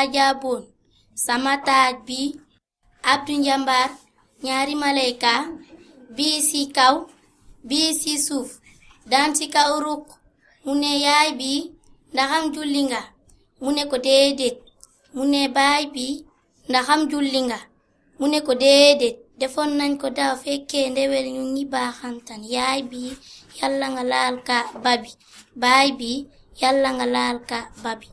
ajaboon sama taaj bi abdu njambaar ñaari malayka bii ci kaw bii ci suuf daan ci kaw ruq mu ne yaay bi ndaxam julli nga mu ne ko déedéet mu ne baay bi ndaxam julli nga mu ne ko déedéet defoon nañ ko daaw fekkee ndewel ñu ngi baaxantan yaay bi yàlla nga laal ka babi baay bi yàlla nga laal ka babi